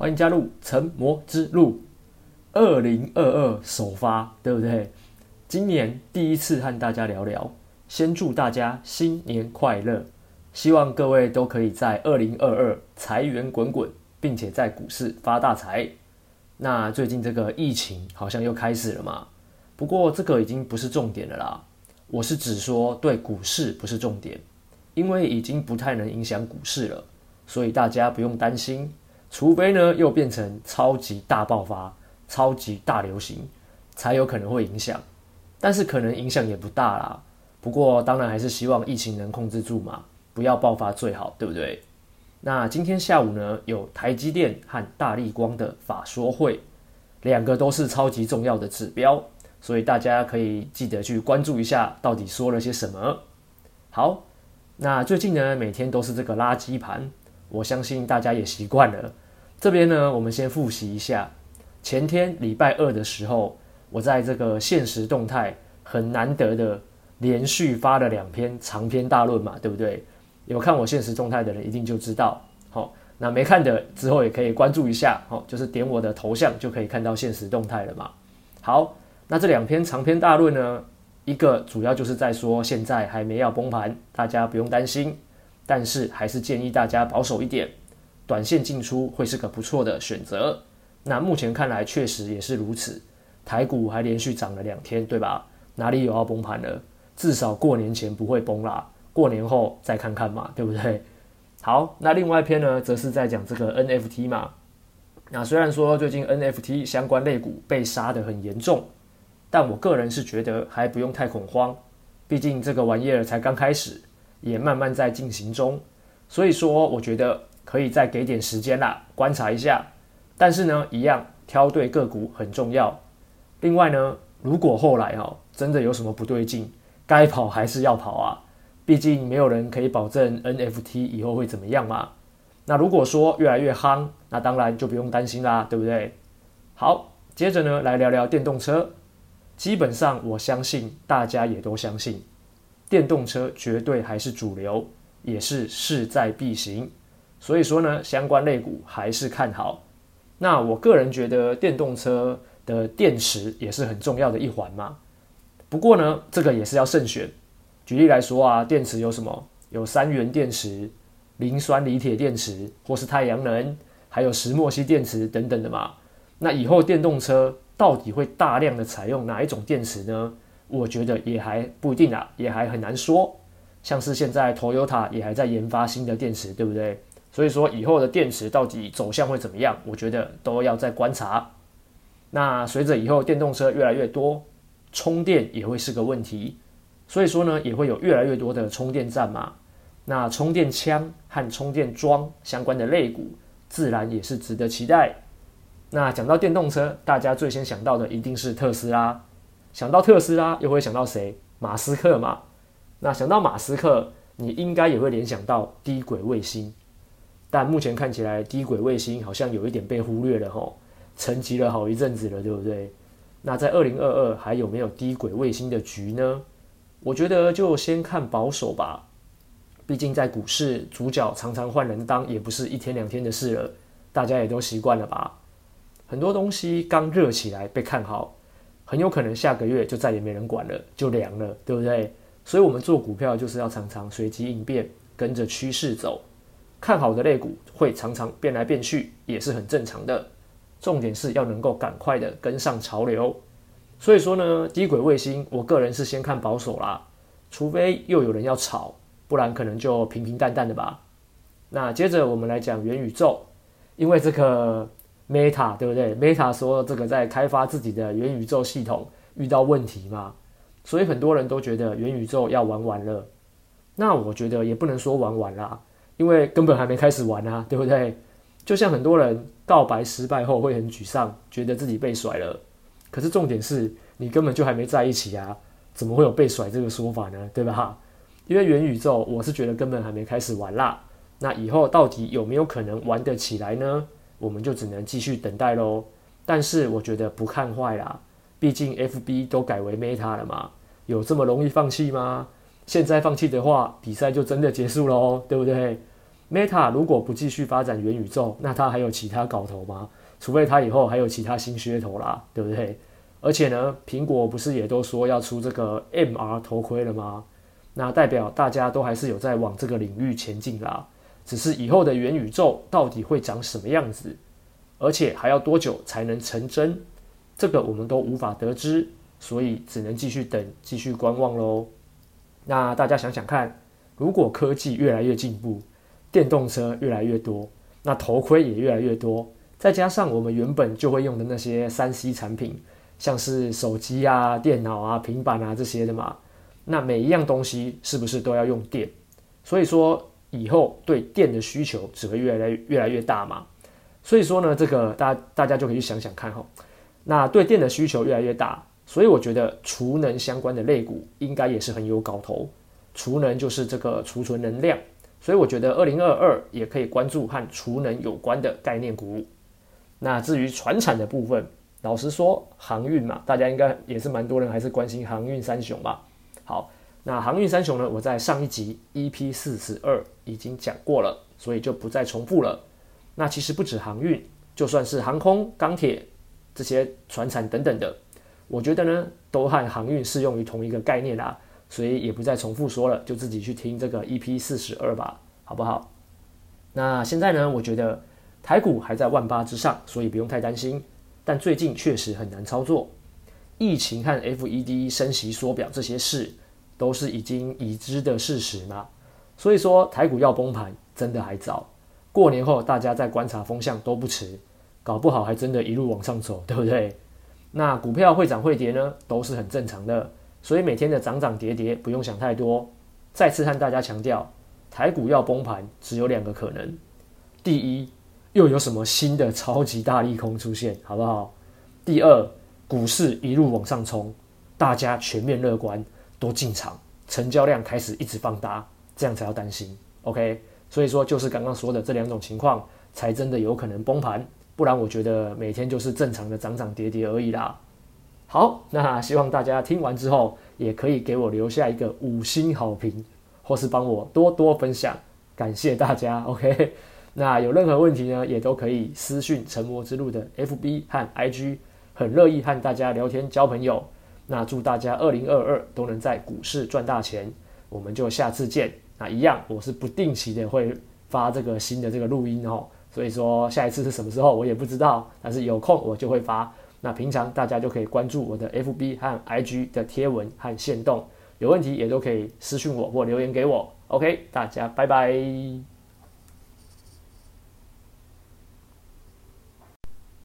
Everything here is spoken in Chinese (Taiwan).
歡迎加入《成魔之路》，二零二二首發，對不對？今年第一次和大家聊聊，先祝大家新年快樂！希望各位都可以在二零二二財源滾滾，並且在股市發大財。那最近這個疫情好像又開始了嘛？不過這個已經不是重點了啦。我是只說，對股市不是重點，因為已經不太能影響股市了，所以大家不用擔心。除非呢，又變成超級大爆發、超級大流行，才有可能會影響，但是可能影響也不大啦。不過當然還是希望疫情能控制住嘛，不要爆發最好，對不對？那今天下午呢，有台積電和大立光的法說會，兩個都是超級重要的指標，所以大家可以記得去關注一下，到底說了些什麼。好，那最近呢，每天都是這個垃圾盤。我相信大家也習慣了。這邊呢，我們先複習一下。前天禮拜二的時候，我在這個限時動態很難得的連續發了兩篇長篇大論嘛，對不對？有看我限時動態的人一定就知道。好，那沒看的之後也可以關注一下，好，就是點我的頭像就可以看到限時動態了嘛。好，那這兩篇長篇大論呢，一個主要就是在說現在還沒要崩盤，大家不用擔心。但是還是建議大家保守一點，短線進出會是個不錯的選擇。那目前看來確實也是如此，台股還連續漲了兩天，對吧？哪裡有要崩盤了？至少過年前不會崩啦，過年後再看看嘛，對不對？好，那另外一篇呢，則是在講這個 NFT 嘛。那雖然說最近 NFT 相關類股被殺得很嚴重，但我個人是覺得還不用太恐慌，畢竟這個玩意兒才剛開始。也慢慢在進行中，所以說我覺得可以再給點時間啦，觀察一下。但是呢，一樣挑對個股很重要。另外呢，如果後來哦真的有什麼不對勁，該跑還是要跑啊，畢竟沒有人可以保證 NFT 以後會怎麼樣嘛。那如果說越來越夯，那當然就不用擔心啦，對不對？好，接着呢來聊聊電動車。基本上我相信大家也都相信。電動車絕對還是主流，也是勢在必行，所以說呢，相關類股還是看好。那我個人覺得電動車的電池也是很重要的一環嘛。不過呢，這個也是要慎選。舉例來說啊，電池有什麼？有三元電池、磷酸鋰鐵電池，或是太陽能，還有石墨烯電池等等的嘛。那以後電動車到底會大量的採用哪一種電池呢？我覺得也還不一定啊，也還很難說。像是現在，Toyota 也還在研發新的電池，對不對？所以說，以後的電池到底走向會怎麼樣，我覺得都要再觀察。那隨着以後電動車越來越多，充電也會是個問題，所以說呢，也會有越來越多的充電站嘛。那充電槍和充電樁相關的類股，自然也是值得期待。那講到電動車，大家最先想到的一定是特斯拉。想到特斯拉，又會想到誰？馬斯克嘛。那想到馬斯克，你應該也會聯想到低軌衛星。但目前看起來，低軌衛星好像有一點被忽略了，哦，吼，沉寂了好一陣子了，對不對？那在二零二二還有沒有低軌衛星的局呢？我覺得就先看保守吧。畢竟在股市，主角常常換人當，也不是一天兩天的事了，大家也都習慣了吧？很多東西剛熱起來，被看好。很有可能下個月就再也沒人管了，就涼了，對不對？所以我們做股票就是要常常隨機應變，跟着趨勢走。看好的類股會常常變來變去，也是很正常的。重點是要能夠趕快的跟上潮流。所以說呢，低軌衛星，我個人是先看保守啦，除非又有人要炒，不然可能就平平淡淡的吧。那接着我們來講元宇宙，因為這個。Meta 對不對？Meta 說這個在開發自己的元宇宙系統遇到問題嘛，所以很多人都覺得元宇宙要玩完了。那我覺得也不能說玩完啦，因為根本還沒開始玩啊，對不對？就像很多人告白失敗後會很沮喪，覺得自己被甩了。可是重點是你根本就還沒在一起啊，怎麼會有被甩這個說法呢？對吧？因為元宇宙我是覺得根本還沒開始玩啦，那以後到底有沒有可能玩得起來呢？我們就只能繼續等待嘍。但是我覺得不看壞啦，畢竟 FB 都改為 Meta 了嘛，有這麼容易放棄嗎？現在放棄的話，比賽就真的結束嘍，對不對？Meta 如果不繼續發展元宇宙，那它還有其他搞頭嗎？除非它以後還有其他新噱頭啦，對不對？而且呢，蘋果不是也都說要出這個 MR 頭盔了嗎？那代表大家都還是有在往這個領域前進啦。只是以後的元宇宙到底會長什麼樣子，而且還要多久才能成真，這個我們都無法得知，所以只能繼續等，繼續觀望嘍。那大家想想看，如果科技越來越進步，電動車越來越多，那頭盔也越來越多，再加上我們原本就會用的那些三 C 產品，像是手機啊、電腦啊、平板啊這些的嘛，那每一樣東西是不是都要用電？所以說。以後對電的需求只會越來越，越來越大嘛，所以說呢，這個大家大家就可以去想想看哈。那對電的需求越來越大，所以我覺得儲能相關的類股應該也是很有搞頭。儲能就是這個儲存能量，所以我覺得二零二二也可以關注和儲能有關的概念股。那至於傳產的部分，老實說，航運嘛，大家應該也是蠻多人還是關心航運三雄吧。好。那航運三雄呢？我在上一集 EP 四十二已經講過了，所以就不再重複了。那其實不止航運，就算是航空、鋼鐵這些傳產、等等的，我覺得呢，都和航運適用於同一個概念啦，啊，所以也不再重複說了，就自己去聽這個 EP 四十二吧，好不好？那現在呢，我覺得台股還在萬八之上，所以不用太擔心。但最近確實很難操作，疫情和 FED 升息縮表這些事，都是已經已知的事實嘛，所以說台股要崩盤真的還早。過年後大家再觀察風向都不遲，搞不好還真的一路往上走，對不對？那股票會漲會跌呢，都是很正常的，所以每天的漲漲跌跌不用想太多。再次和大家強調，台股要崩盤只有兩個可能：第一，又有什麼新的超級大利空出現，好不好？第二，股市一路往上衝，大家全面樂觀。多進場，成交量開始一直放大，這樣才要擔心。OK，所以說就是剛剛說的這兩種情況，才真的有可能崩盤，不然我覺得每天就是正常的漲漲跌跌而已啦。好，那希望大家聽完之後，也可以給我留下一個五星好評，或是幫我多多分享，感謝大家。OK，那有任何問題呢，也都可以私訊沉默之路的 FB 和 IG，很樂意和大家聊天交朋友。那祝大家二零二二都能在股市賺大錢，我們就下次見。那一樣，我是不定期的會發這個新的這個錄音哦，所以說下一次是什麼時候我也不知道，但是有空我就會發。那平常大家就可以關注我的 FB 和 IG 的貼文和限動，有問題也都可以私訊我或留言給我。OK，大家拜拜。